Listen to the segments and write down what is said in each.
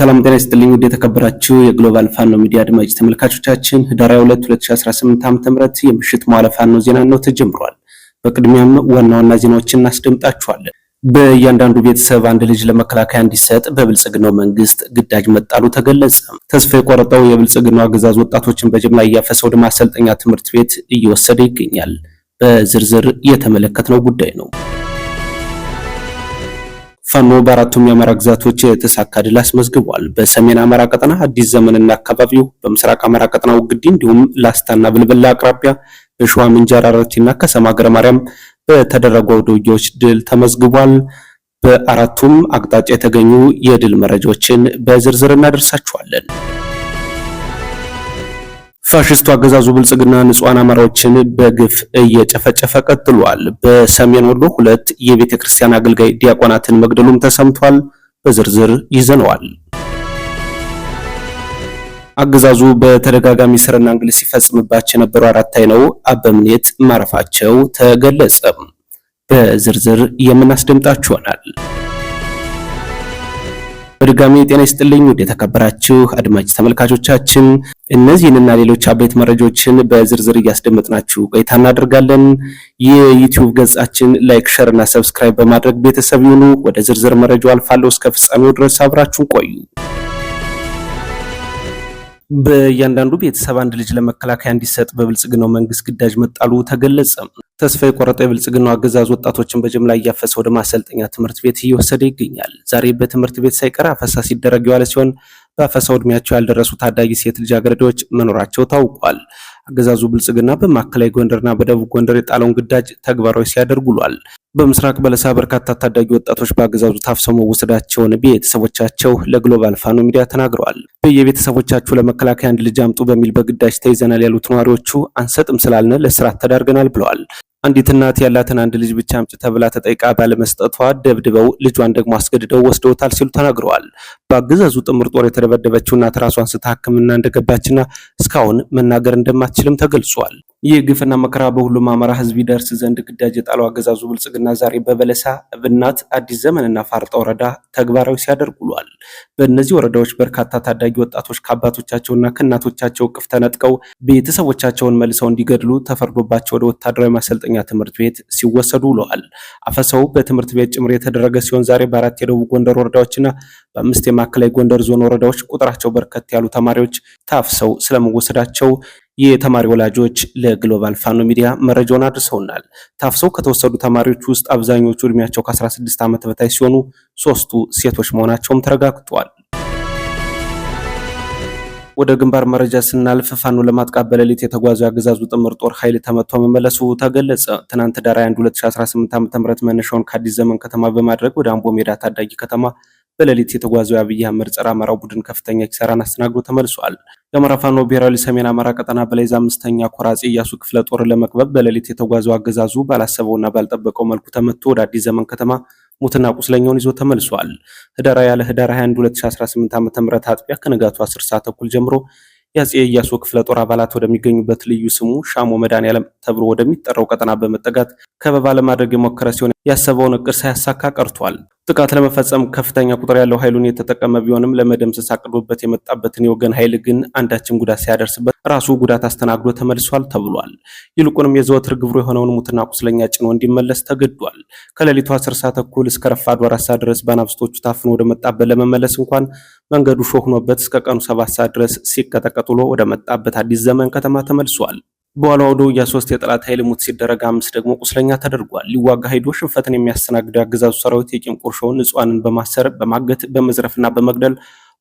ሰላም ጤና ይስጥልኝ። ውድ የተከበራችሁ የግሎባል ፋኖ ሚዲያ አድማጭ ተመልካቾቻችን ህዳር 2 2018 ዓ.ም የምሽት መዋለ ፋኖ ዜና ነው ተጀምሯል። በቅድሚያም ዋና ዋና ዜናዎችን እናስደምጣችኋለን። በእያንዳንዱ ቤተሰብ አንድ ልጅ ለመከላከያ እንዲሰጥ በብልጽግናው መንግስት ግዳጅ መጣሉ ተገለጸ። ተስፋ የቆረጠው የብልጽግናው አገዛዝ ወጣቶችን በጅምላ እያፈሰ ወደ ማሰልጠኛ ትምህርት ቤት እየወሰደ ይገኛል። በዝርዝር የተመለከትነው ጉዳይ ነው። ፋኖ በአራቱም የአማራ ግዛቶች የተሳካ ድል አስመዝግቧል። በሰሜን አማራ ቀጠና አዲስ ዘመንና አካባቢው፣ በምስራቅ አማራ ቀጠና ውግዲ እንዲሁም ላስታና ብልብላ አቅራቢያ በሸዋ ምንጃር አረርቲና ከሰማ ሀገረ ማርያም በተደረጉ ውጊያዎች ድል ተመዝግቧል። በአራቱም አቅጣጫ የተገኙ የድል መረጃዎችን በዝርዝር እናደርሳችኋለን። ፋሽስቱ አገዛዙ ብልጽግና ንጹሃን አማራዎችን በግፍ እየጨፈጨፈ ቀጥሏል። በሰሜን ወሎ ሁለት የቤተ ክርስቲያን አገልጋይ ዲያቆናትን መግደሉም ተሰምቷል። በዝርዝር ይዘነዋል። አገዛዙ በተደጋጋሚ ስርና እንግልት ሲፈጽምባቸው የነበሩ አራት አይነው አበምኔት ማረፋቸው ተገለጸ። በዝርዝር የምናስደምጣችኋናል። በድጋሚ ጤና ይስጥልኝ ውድ የተከበራችሁ አድማጭ ተመልካቾቻችን፣ እነዚህንና ሌሎች አበይት መረጃዎችን በዝርዝር እያስደመጥናችሁ ቆይታ እናደርጋለን። የዩቲዩብ ገጻችን ላይክ፣ ሸር እና ሰብስክራይብ በማድረግ ቤተሰብ ይሁኑ። ወደ ዝርዝር መረጃው አልፋለሁ። እስከ ፍጻሜው ድረስ አብራችሁን ቆዩ። በእያንዳንዱ ቤተሰብ አንድ ልጅ ለመከላከያ እንዲሰጥ በብልጽግናው መንግስት ግዳጅ መጣሉ ተገለጸ። ተስፋ የቆረጠው የብልጽግናው አገዛዝ ወጣቶችን በጅምላ እያፈሰ ወደ ማሰልጠኛ ትምህርት ቤት እየወሰደ ይገኛል። ዛሬ በትምህርት ቤት ሳይቀር አፈሳ ሲደረግ የዋለ ሲሆን በአፈሳው እድሜያቸው ያልደረሱ ታዳጊ ሴት ልጃገረዶች መኖራቸው ታውቋል። አገዛዙ ብልጽግና በማዕከላዊ ጎንደርና በደቡብ ጎንደር የጣለውን ግዳጅ ተግባራዊ ሲያደርግ ውሏል። በምስራቅ በለሳ በርካታ ታዳጊ ወጣቶች በአገዛዙ ታፍሰው መወሰዳቸውን ቤተሰቦቻቸው ለግሎባል ፋኖ ሚዲያ ተናግረዋል። በየቤተሰቦቻችሁ ለመከላከያ አንድ ልጅ አምጡ በሚል በግዳጅ ተይዘናል ያሉት ነዋሪዎቹ አንሰጥም ስላልነ ለስራት ተዳርገናል ብለዋል። አንዲት እናት ያላትን አንድ ልጅ ብቻ አምጪ ተብላ ተጠይቃ ባለመስጠቷ ደብድበው ልጇን ደግሞ አስገድደው ወስደውታል ሲሉ ተናግረዋል። በአገዛዙ ጥምር ጦር የተደበደበችው እናት ራሷን ስታ ሕክምና እንደገባችና እስካሁን መናገር እንደማትችልም ተገልጿል። ይህ ግፍና መከራ በሁሉም አማራ ህዝብ ይደርስ ዘንድ ግዳጅ የጣለው አገዛዙ ብልጽግና ዛሬ በበለሳ እብናት፣ አዲስ ዘመንና ፋርጣ ወረዳ ተግባራዊ ሲያደርግ ውሏል። በእነዚህ ወረዳዎች በርካታ ታዳጊ ወጣቶች ከአባቶቻቸውና ከእናቶቻቸው እቅፍ ተነጥቀው ቤተሰቦቻቸውን መልሰው እንዲገድሉ ተፈርዶባቸው ወደ ወታደራዊ ማሰልጠኛ ትምህርት ቤት ሲወሰዱ ውለዋል። አፈሳው በትምህርት ቤት ጭምር የተደረገ ሲሆን ዛሬ በአራት የደቡብ ጎንደር ወረዳዎችና በአምስት የማዕከላዊ ጎንደር ዞን ወረዳዎች ቁጥራቸው በርከት ያሉ ተማሪዎች ታፍሰው ስለመወሰዳቸው የተማሪ ወላጆች ለግሎባል ፋኖ ሚዲያ መረጃውን አድርሰውናል። ታፍሰው ከተወሰዱ ተማሪዎች ውስጥ አብዛኞቹ እድሜያቸው ከ16 ዓመት በታች ሲሆኑ ሶስቱ ሴቶች መሆናቸውም ተረጋግጧል። ወደ ግንባር መረጃ ስናልፍ ፋኖ ለማጥቃት በሌሊት የተጓዘው የአገዛዙ ጥምር ጦር ኃይል ተመቶ መመለሱ ተገለጸ። ትናንት ዳር 1 2018 ዓ ም መነሻውን ከአዲስ ዘመን ከተማ በማድረግ ወደ አምቦ ሜዳ ታዳጊ ከተማ በሌሊት የተጓዘው የአብይ አህመድ ጸረ አማራው ቡድን ከፍተኛ ኪሳራን አስተናግዶ ተመልሷል። የአማራ ፋኖ ብሔራዊ ሰሜን አማራ ቀጠና በላይ አምስተኛ ኮር አፄ እያሱ ክፍለ ጦር ለመቅበብ በሌሊት የተጓዘው አገዛዙ ባላሰበውና ባልጠበቀው መልኩ ተመቶ ወደ አዲስ ዘመን ከተማ ሙትና ቁስለኛውን ይዞ ተመልሷል። ህዳር ያለ ህዳር 21 2018 ዓ.ም አጥቢያ ከንጋቱ 10 ሰዓት ተኩል ጀምሮ የአፄ ኢያሱ ክፍለ ጦር አባላት ወደሚገኙበት ልዩ ስሙ ሻሞ መድኃኔዓለም ተብሎ ወደሚጠራው ቀጠና በመጠጋት ከበባ ለማድረግ የሞከረ ሲሆን ያሰበውን እቅድ ሳያሳካ ቀርቷል። ጥቃት ለመፈጸም ከፍተኛ ቁጥር ያለው ኃይሉን የተጠቀመ ቢሆንም ለመደምሰስ አቅዶበት የመጣበትን የወገን ኃይል ግን አንዳችም ጉዳት ሲያደርስበት ራሱ ጉዳት አስተናግዶ ተመልሷል ተብሏል። ይልቁንም የዘወትር ግብሩ የሆነውን ሙትና ቁስለኛ ጭኖ እንዲመለስ ተገዷል። ከሌሊቱ አስር ሰዓት ተኩል እስከ ረፋዱ አራት ሰዓት ድረስ በአናብስቶቹ ታፍኖ ወደመጣበት ለመመለስ እንኳን መንገዱ ሾህኖበት እስከ ቀኑ ሰባት ሰዓት ድረስ ሲቀጠቀጥሎ ወደ መጣበት አዲስ ዘመን ከተማ ተመልሷል። በኋላ ወደ ሶስት የጠላት ኃይል ሙት ሲደረግ አምስት ደግሞ ቁስለኛ ተደርጓል። ሊዋጋ ሄዶ ሽንፈትን የሚያስተናግደው የአገዛዙ ሰራዊት የቂም ቁርሾውን ንጹሐንን በማሰር በማገት በመዝረፍና በመግደል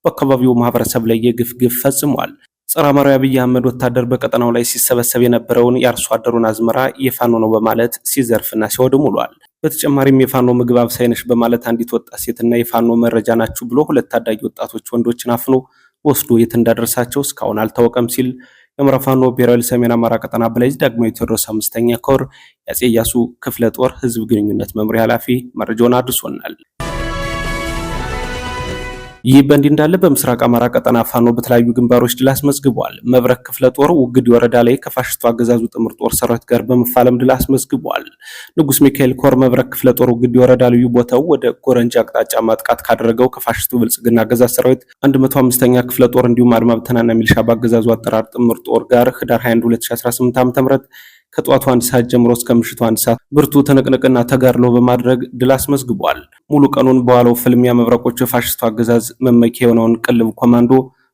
በአካባቢው ማህበረሰብ ላይ የግፍ ግፍ ፈጽሟል። ጸረ አማራዊ አብይ አህመድ ወታደር በቀጠናው ላይ ሲሰበሰብ የነበረውን የአርሶ አደሩን አዝመራ የፋኖ ነው በማለት ሲዘርፍና ሲወድም ውሏል። በተጨማሪም የፋኖ ምግብ አብሳይነሽ በማለት አንዲት ወጣት ሴትና የፋኖ መረጃ ናችሁ ብሎ ሁለት ታዳጊ ወጣቶች ወንዶችን አፍኖ ወስዶ የት እንዳደረሳቸው እስካሁን አልታወቀም ሲል የአማራ ብሔራዊ ሰሜን አማራ ቀጠና ብለጅ ዳግማዊ ቴዎድሮስ አምስተኛ ኮር የአፄ እያሱ ክፍለ ጦር ህዝብ ግንኙነት መምሪያ ኃላፊ መረጃውን አድርሶናል። ይህ በእንዲህ እንዳለ በምስራቅ አማራ ቀጠና ፋኖ በተለያዩ ግንባሮች ድል አስመዝግቧል። መብረክ ክፍለ ጦር ውግድ ወረዳ ላይ ከፋሽስቱ አገዛዙ ጥምር ጦር ሰራዊት ጋር በመፋለም ድል አስመዝግቧል። ንጉስ ሚካኤል ኮር መብረክ ክፍለ ጦር ውግድ ወረዳ ልዩ ቦታው ወደ ጎረንጂ አቅጣጫ ማጥቃት ካደረገው ከፋሽስቱ ብልጽግና አገዛዝ ሰራዊት 105ኛ ክፍለ ጦር እንዲሁም አድማ ብተናና ሚልሻ በአገዛዙ አጠራር ጥምር ጦር ጋር ህዳር 21 2018 ም ከጠዋቱ አንድ ሰዓት ጀምሮ እስከ ምሽቱ አንድ ሰዓት ብርቱ ትንቅንቅና ተጋድሎ በማድረግ ድል አስመዝግቧል። ሙሉ ቀኑን በዋለው ፍልሚያ መብረቆች የፋሽስቱ አገዛዝ መመኪያ የሆነውን ቅልብ ኮማንዶ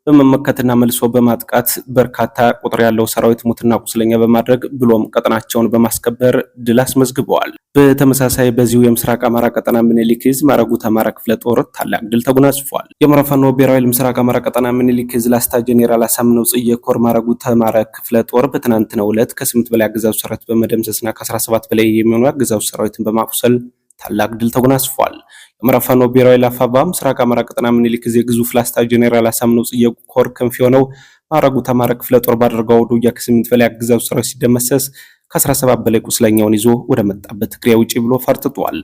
በመመከትና መልሶ በማጥቃት በርካታ ቁጥር ያለው ሰራዊት ሙትና ቁስለኛ በማድረግ ብሎም ቀጠናቸውን በማስከበር ድል አስመዝግበዋል። በተመሳሳይ በዚሁ የምስራቅ አማራ ቀጠና ምኒልክ ዕዝ ማረጉት አማራ ክፍለ ጦር ታላቅ ድል ተጎናጽፏል። የአማራ ፋኖ ብሔራዊ ምስራቅ አማራ ቀጠና ምኒልክ ዕዝ ላስታ ጄኔራል አሳምነው ጽጌ ኮር ማረጉት አማራ ክፍለ ጦር በትናንትናው ዕለት ከስምንት በላይ አገዛዙ ሰራዊት በመደምሰስና ከ17 በላይ የሚሆኑ አገዛዙ ሰራዊትን በማቁሰል ታላቅ ድል ተጎናጽፏል። ምዕራብ ብሔራዊ ላፋባ ምስራቅ አማራ ቀጠና ምኒልክ ጊዜ ግዙፍ ላስታ ጄኔራል አሳምነው ጽጌ ኮር ክንፍ የሆነው ማዕረጉ ተማረ ክፍለ ጦር ባደረገው ውጊያ ከስምንት በላይ አገዛዙ ሰራዊት ሲደመሰስ ከ17 በላይ ቁስለኛውን ይዞ ወደ መጣበት ትግሪያ ውጪ ብሎ ፈርጥጧል።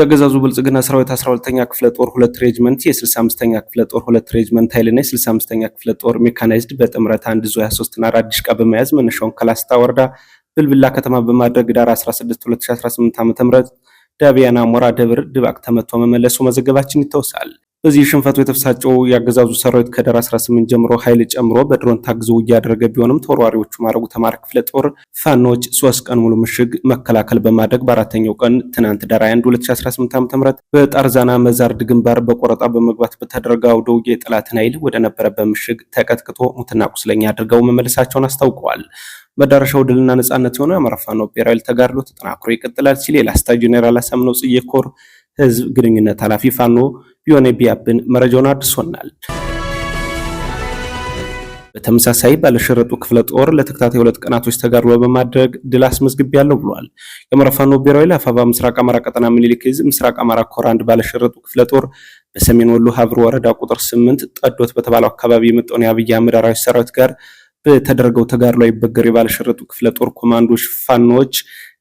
የአገዛዙ ብልጽግና ሰራዊት 12 ክፍለ ጦር ሁለት ሬጅመንት የ65ኛ ክፍለ ጦር ሁለት ሬጅመንት ኃይልና የ65ኛ ክፍለ ጦር ሜካናይዝድ በጥምረት አንድ ዙ 23ና አራት ዲሽቃ በመያዝ መነሻውን ከላስታ ወረዳ ብልብላ ከተማ በማድረግ ዳር 16 2018 ዓ ም ዳቢያና ሞራ ደብር ድባቅ ተመቶ መመለሱ መዘገባችን ይታወሳል። በዚህ ሽንፈቱ የተፍሳጨው የአገዛዙ ሰራዊት ከህዳር 18 ጀምሮ ኃይል ጨምሮ በድሮን ታግዞ እያደረገ ቢሆንም ተወርዋሪዎቹ ማድረጉ ተማሪ ክፍለ ጦር ፋኖች ሶስት ቀን ሙሉ ምሽግ መከላከል በማድረግ በአራተኛው ቀን ትናንት ዳር 1 2018 ዓ.ም በጣርዛና መዛርድ ግንባር በቆረጣ በመግባት በተደረገ አውደ ውጊያ የጠላትን ኃይል ወደ ነበረበት ምሽግ ተቀጥቅጦ ሙትና ቁስለኛ አድርገው መመለሳቸውን አስታውቀዋል። መዳረሻው ድልና ነጻነት የሆነ የአማራ ፋኖ ብሔራዊ ተጋድሎ ተጠናክሮ ይቀጥላል ሲል የላስታ ጄኔራል አሳምነው ጽጌ ኮር ህዝብ ግንኙነት ኃላፊ ፋኖ ቢሆነ ቢያብን መረጃውን አድርሶናል። በተመሳሳይ ባለሸረጡ ክፍለ ጦር ለተከታታይ ሁለት ቀናቶች ተጋድሎ በማድረግ ድል ያለው ብሏል። የአማራ ፋኖ ብሔራዊ ለአፋባ ምስራቅ አማራ ቀጠና ምኒልክ ህዝብ ምስራቅ አማራ ኮር አንድ ባለሸረጡ ክፍለ ጦር በሰሜን ወሎ ሀብር ወረዳ ቁጥር ስምንት ጠዶት በተባለው አካባቢ የመጣውን የአብይ አህመድ ሰራዊት ጋር በተደረገው ተጋድሎ አይበገር የባለሸረጡ ክፍለ ጦር ኮማንዶች ሽፋኖች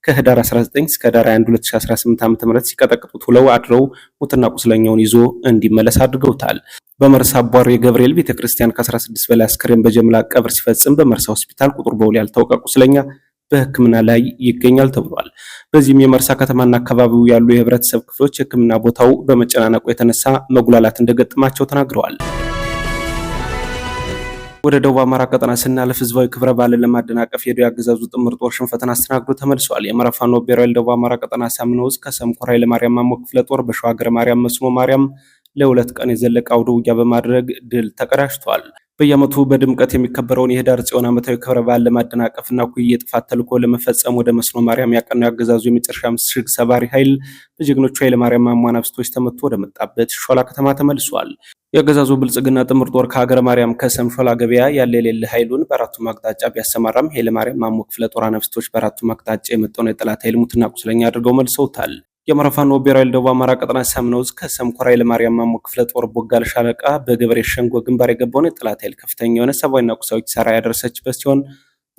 ከህዳር 19 እስከ ህዳር 21 2018 ዓ.ም ተመረጥ ሲቀጠቅጡት ውለው አድረው ሙትና ቁስለኛውን ይዞ እንዲመለስ አድርገውታል። በመርሳ አቧሪ የገብርኤል ቤተክርስቲያን ከ16 በላይ አስከሬን በጀምላ ቀብር ሲፈጽም በመርሳ ሆስፒታል ቁጥር በውል ያልታወቀ ቁስለኛ በሕክምና ላይ ይገኛል ተብሏል። በዚህም የመርሳ ከተማና አካባቢው ያሉ የህብረተሰብ ክፍሎች የሕክምና ቦታው በመጨናነቁ የተነሳ መጉላላት እንደገጠማቸው ተናግረዋል። ወደ ደቡብ አማራ ቀጠና ስናልፍ ህዝባዊ ክብረ በዓልን ለማደናቀፍ የዶ አገዛዙ ጥምር ጦር ሽንፈትን አስተናግዶ ተመልሷል። የአማራ ፋኖ ብሔራዊ ደቡብ አማራ ቀጠና ሳምነውዝ ኃይለ ማርያም ማሞ ክፍለ ጦር በሸዋ ሀገረ ማርያም መስኖ ማርያም ለሁለት ቀን የዘለቀ አውደ ውጊያ በማድረግ ድል ተቀዳጅቷል። በየዓመቱ በድምቀት የሚከበረውን የህዳር ጽዮን ዓመታዊ ክብረ በዓል ለማደናቀፍና ኩይ የጥፋት ተልኮ ለመፈጸም ወደ መስኖ ማርያም ያቀኑ ያገዛዙ የመጨረሻ ምሽግ ሰባሪ ኃይል በጀግኖቹ ማርያም አሟን አብስቶች ተመቶ ወደመጣበት ሾላ ከተማ ተመልሷል። የአገዛዙ ብልጽግና ጥምር ጦር ከሀገረ ማርያም ከሰም ሾላ ገበያ ያለ የሌለ ኃይሉን በአራቱ አቅጣጫ ቢያሰማራም ኃይለማርያም ማሞ ክፍለ ጦር አነብስቶች በአራቱ አቅጣጫ የመጣውን የጠላት ኃይል ሙትና ቁስለኛ አድርገው መልሰውታል። የአማራ ፋኖ ብሔራዊ ደቡብ አማራ ቀጠና ሳምነውዝ ከሰምኮራ ለማርያም ማሞ ክፍለ ጦር ቦጋል ሻለቃ በገበሬ ሸንጎ ግንባር የገባውን የጠላት ኃይል ከፍተኛ የሆነ ሰብአዊና ቁሳዊ ኪሳራ ያደረሰችበት ሲሆን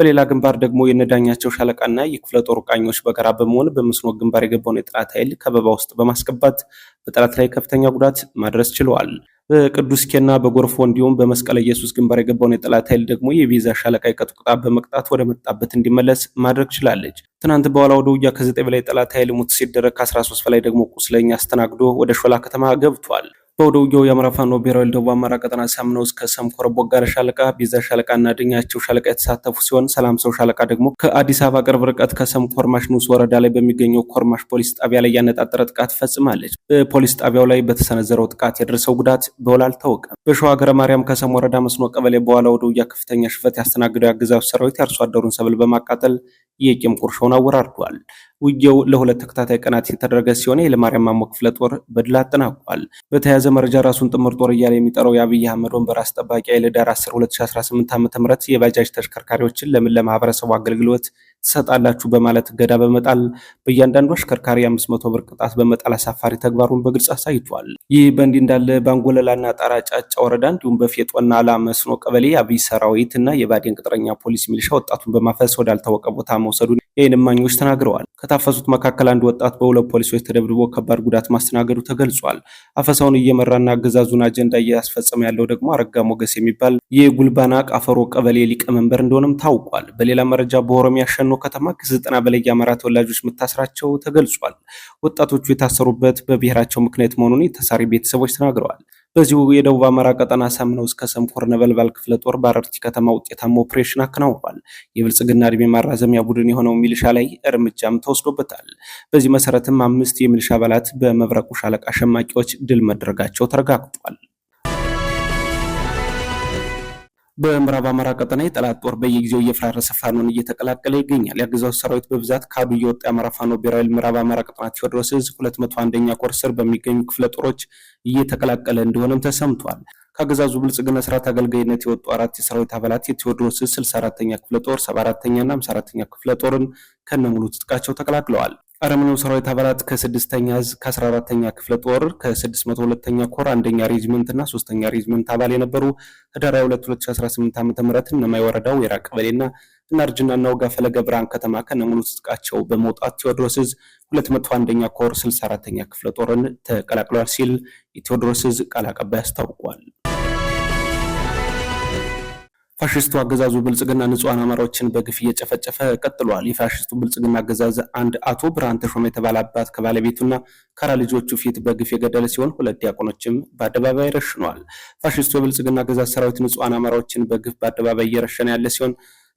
በሌላ ግንባር ደግሞ የነዳኛቸው ሻለቃና የክፍለ ጦር ቃኞች በጋራ በመሆን በመስኖ ግንባር የገባውን የጠላት ኃይል ከበባ ውስጥ በማስገባት በጠላት ላይ ከፍተኛ ጉዳት ማድረስ ችለዋል። በቅዱስ ኬና በጎርፎ እንዲሁም በመስቀለ ኢየሱስ ግንባር የገባውን የጠላት ኃይል ደግሞ የቤዛ ሻለቃ የቀጥ ቁጣ በመቅጣት ወደ መጣበት እንዲመለስ ማድረግ ችላለች። ትናንት በኋላ ወደ ውጊያ ከዘጠኝ በላይ የጠላት ኃይል ሙት ሲደረግ ከ13 በላይ ደግሞ ቁስለኛ አስተናግዶ ወደ ሾላ ከተማ ገብቷል። በወደ ውጊያው የአማራ ፋኖ ብሔራዊ ደቡብ አማራ ቀጠና ሳምነው እስከ ሰምኮር ቦጋለ ሻለቃ፣ ቢዛ ሻለቃ እና ድኛቸው ሻለቃ የተሳተፉ ሲሆን ሰላም ሰው ሻለቃ ደግሞ ከአዲስ አበባ ቅርብ ርቀት ከሰምኮር ማሽኑስ ወረዳ ላይ በሚገኘው ኮርማሽ ፖሊስ ጣቢያ ላይ ያነጣጠረ ጥቃት ፈጽማለች። በፖሊስ ጣቢያው ላይ በተሰነዘረው ጥቃት የደረሰው ጉዳት በውል አልታወቀም። በሸዋ ሀገረ ማርያም ከሰም ወረዳ መስኖ ቀበሌ በኋላ ወደ ውጊያ ከፍተኛ ሽፈት ያስተናግደው የአገዛዙ ሰራዊት የአርሶ አደሩን ሰብል በማቃጠል የቂም ቁርሾውን አወራርዷል። ውጊያው ለሁለት ተከታታይ ቀናት የተደረገ ሲሆን የለማርያም ማሞ ክፍለ ጦር በድል አጠናቋል። በተያያዘ መረጃ ራሱን ጥምር ጦር እያለ የሚጠራው የአብይ አህመድ ወንበር አስጠባቂ ኃይለዳር 10 2018 ዓ ም የባጃጅ ተሽከርካሪዎችን ለምን ለማህበረሰቡ አገልግሎት ትሰጣላችሁ በማለት እገዳ በመጣል በእያንዳንዱ አሽከርካሪ 500 ብር ቅጣት በመጣል አሳፋሪ ተግባሩን በግልጽ አሳይቷል። ይህ በእንዲህ እንዳለ ባንጎለላና ጣራ ጫጫ ወረዳ እንዲሁም በፌጦና አላ መስኖ ቀበሌ አብይ ሰራዊት እና የባዴን ቅጥረኛ ፖሊስ ሚሊሻ ወጣቱን በማፈስ ወዳልታወቀ ቦታ መውሰዱን የዓይን እማኞች ተናግረዋል። ከታፈሱት መካከል አንድ ወጣት በሁለት ፖሊሶች ተደብድቦ ከባድ ጉዳት ማስተናገዱ ተገልጿል። አፈሳውን እየመራና አገዛዙን አጀንዳ እያስፈጸመ ያለው ደግሞ አረጋ ሞገስ የሚባል የጉልባና ቃፈሮ ቀበሌ ሊቀመንበር እንደሆነም ታውቋል። በሌላ መረጃ በኦሮሚያ ሸኖ ከተማ ከዘጠና በላይ የአማራ ተወላጆች መታሰራቸው ተገልጿል። ወጣቶቹ የታሰሩበት በብሔራቸው ምክንያት መሆኑን የተሳሪ ቤተሰቦች ተናግረዋል። በዚሁ የደቡብ አማራ ቀጠና ሳምነው እስከ ሰምኮር ነበልባል ክፍለ ጦር በአረርቲ ከተማ ውጤታማ ኦፕሬሽን አከናውኗል። የብልጽግና እድሜ ማራዘሚያ ቡድን የሆነው ሚሊሻ ላይ እርምጃም ተወስዶበታል። በዚህ መሰረትም አምስት የሚሊሻ አባላት በመብረቁ ሻለቃ ሸማቂዎች ድል መደረጋቸው ተረጋግጧል። በምዕራብ አማራ ቀጠና የጠላት ጦር በየጊዜው እየፈራረሰ ፋኖን እየተቀላቀለ ይገኛል። የአገዛዙ ሰራዊት በብዛት ካዱ እየወጣ የአማራ ፋኖ ብሔራዊ ምዕራብ አማራ ቀጠና ቴዎድሮስ ዕዝ ሁለት መቶ አንደኛ ኮር ስር በሚገኙ ክፍለ ጦሮች እየተቀላቀለ እንደሆነም ተሰምቷል። ከአገዛዙ ብልጽግና ስርዓት አገልጋይነት የወጡ አራት የሰራዊት አባላት የቴዎድሮስ ዕዝ 64 ተኛ ክፍለ ጦር፣ 74ኛና 54ኛ ክፍለ ጦርን ከነሙሉ ትጥቃቸው ተቀላቅለዋል። አረመኔው ሰራዊት አባላት ከስድስተኛ እዝ ከ 14 ክፍለ ጦር ከስድስት መቶ ሁለተኛ ኮር አንደኛ ሬጅመንት እና ሶስተኛ ሬጅመንት አባል የነበሩ ህዳር ስምንት ዓመተ ዓ.ም እነማይ ወረዳ ወይራ ና እናርጅና እና ወጋ ፈለገ ብርሃን ከተማ ከነሙሉ ትጥቃቸው በመውጣት ቴዎድሮስ እዝ መቶ አንደኛ ኮር ስልሳ አራተኛ ክፍለ ጦርን ተቀላቅሏል ሲል የቴዎድሮስ እዝ ቃል አቀባይ አስታውቋል። ፋሽስቱ አገዛዙ ብልጽግና ንጹሐን አማራዎችን በግፍ እየጨፈጨፈ ቀጥሏል። የፋሽስቱ ብልጽግና አገዛዝ አንድ አቶ ብርሃን ተሾመ የተባለ አባት ከባለቤቱና ከራ ልጆቹ ፊት በግፍ የገደለ ሲሆን ሁለት ዲያቆኖችም በአደባባይ ረሽኗል። ፋሽስቱ የብልጽግና አገዛዝ ሰራዊት ንጹሐን አማራዎችን በግፍ በአደባባይ እየረሸነ ያለ ሲሆን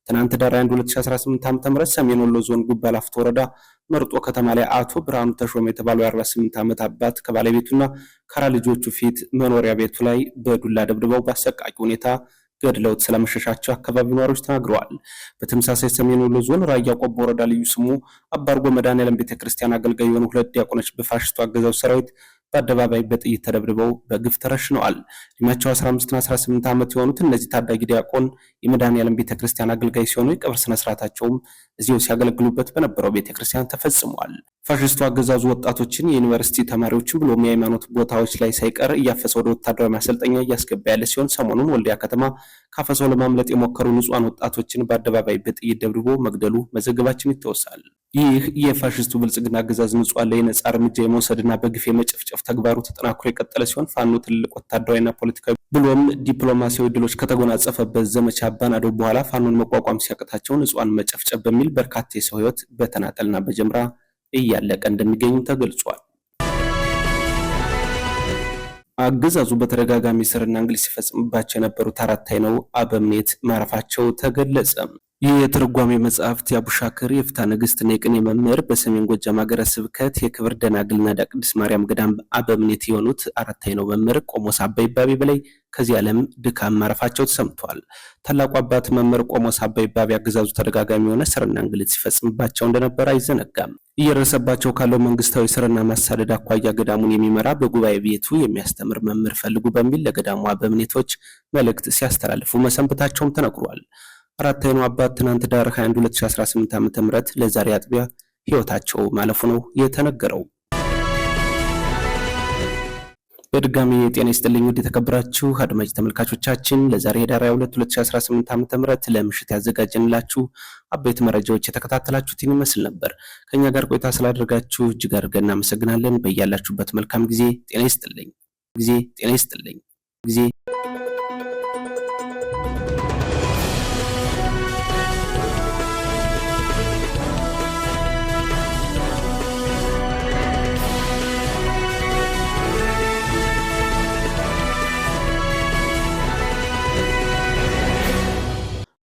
ትናንት ዳር 1 2018 ዓ ም ሰሜን ወሎ ዞን ጉባ ላፍቶ ወረዳ መርጦ ከተማ ላይ አቶ ብርሃኑ ተሾመ የተባለው የ48 ዓመት አባት ከባለቤቱና ከራ ልጆቹ ፊት መኖሪያ ቤቱ ላይ በዱላ ደብድበው በአሰቃቂ ሁኔታ ገድለውት ስለመሸሻቸው አካባቢ ነዋሪዎች ተናግረዋል። በተመሳሳይ ሰሜን ወሎ ዞን ራያ ቆቦ ወረዳ ልዩ ስሙ አባርጎ መድኃኔዓለም ቤተክርስቲያን አገልጋይ የሆኑ ሁለት ዲያቆኖች በፋሽስቱ አገዛዝ ሰራዊት በአደባባይ በጥይት ተደብድበው በግፍ ተረሽነዋል። እድሜያቸው 15ና 18 ዓመት የሆኑት እነዚህ ታዳጊ ዲያቆን የመድኃኔዓለም ቤተክርስቲያን አገልጋይ ሲሆኑ የቅብር ስነስርዓታቸውም እዚሁ ሲያገለግሉበት በነበረው ቤተክርስቲያን ተፈጽሟል። ፋሽስቱ አገዛዙ ወጣቶችን፣ የዩኒቨርሲቲ ተማሪዎችን ብሎም የሃይማኖት ቦታዎች ላይ ሳይቀር እያፈሰ ወደ ወታደራዊ ማሰልጠኛ እያስገባ ያለ ሲሆን ሰሞኑን ወልዲያ ከተማ ካፈሰው ለማምለጥ የሞከሩ ንጹሐን ወጣቶችን በአደባባይ በጥይት ደብድቦ መግደሉ መዘገባችን ይታወሳል። ይህ የፋሽስቱ ብልጽግና አገዛዝ ንጹሐን ላይ ነጻ እርምጃ የመውሰድና በግፍ የመጨፍጨፍ ተግባሩ ተጠናክሮ የቀጠለ ሲሆን ፋኖ ትልቅ ወታደራዊና ፖለቲካዊ ብሎም ዲፕሎማሲያዊ ድሎች ከተጎናጸፈበት ዘመቻ አባናዶ በኋላ ፋኖን መቋቋም ሲያቅታቸው ንጹሐን መጨፍጨፍ በሚል በርካታ የሰው ህይወት በተናጠልና በጀምራ እያለቀ እንደሚገኙ ተገልጿል። አገዛዙ በተደጋጋሚ ስርና እንግሊዝ ሲፈጽምባቸው የነበሩት አራት አይነው አበምኔት ማረፋቸው ተገለጸ። ይህ የትርጓሜ መጽሐፍት የአቡሻክር የፍታ ነገሥትና የቅኔ መምህር በሰሜን ጎጃም ሀገረ ስብከት የክብር ደናግል ናዳ ቅድስት ማርያም ገዳም አበምኔት የሆኑት አራት ነው መምህር ቆሞስ አባ ይባቤ በላይ ከዚህ ዓለም ድካም ማረፋቸው ተሰምቷል። ታላቁ አባት መምህር ቆሞስ አባ ይባቤ አገዛዙ ተደጋጋሚ የሆነ ስርና እንግልት ሲፈጽምባቸው እንደነበረ አይዘነጋም። እየደረሰባቸው ካለው መንግስታዊ ስርና ማሳደድ አኳያ ገዳሙን የሚመራ በጉባኤ ቤቱ የሚያስተምር መምህር ፈልጉ በሚል ለገዳሙ አበምኔቶች መልእክት ሲያስተላልፉ መሰንበታቸውም ተነግሯል። አራት አይኑ አባት ትናንት ዳር 21 2018 ዓ.ም ለዛሬ አጥቢያ ህይወታቸው ማለፉ ነው የተነገረው። በድጋሚ የጤና ይስጥልኝ ውድ የተከበራችሁ አድማጭ ተመልካቾቻችን ለዛሬ ህዳር 22 2018 ዓ.ም ለምሽት ያዘጋጀንላችሁ አበይት መረጃዎች የተከታተላችሁትን ይመስል ነበር። ከኛ ጋር ቆይታ ስላደረጋችሁ እጅግ አድርገን እናመሰግናለን። በያላችሁበት መልካም ጊዜ ጤና ይስጥልኝ ጊዜ ጤና ይስጥልኝ ጊዜ